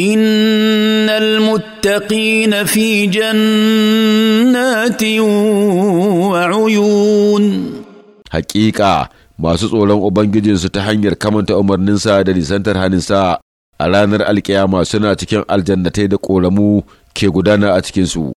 ان المتقين في جنات وعيون حقيقه masu tsoron ubangijinsu ta hanyar kamanta umarninsa da nisantar haninsa a ranar alkiyama suna cikin aljannatai da ƙoramu ke gudana a cikinsu